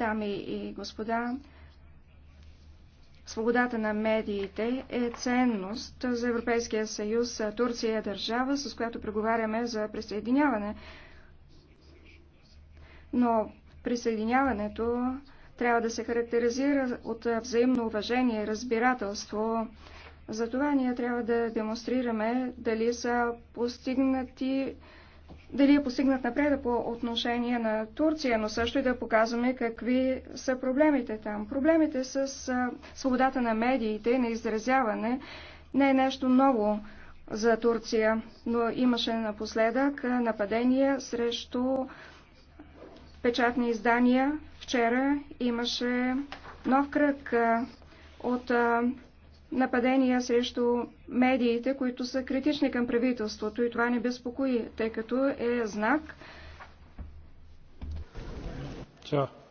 Дами и господа, свободата на медиите е ценност за Европейския съюз. Турция е държава, с която преговаряме за присъединяване. Но присъединяването трябва да се характеризира от взаимно уважение и разбирателство. Затова ние трябва да демонстрираме дали са постигнати дали е постигнат напредък по отношение на Турция, но също и да показваме какви са проблемите там. Проблемите с свободата на медиите, и на изразяване, не е нещо ново за Турция, но имаше напоследък нападения срещу печатни издания. Вчера имаше нов кръг от нападения срещу медиите, които са критични към правителството и това не безпокои, тъй като е знак. Чао.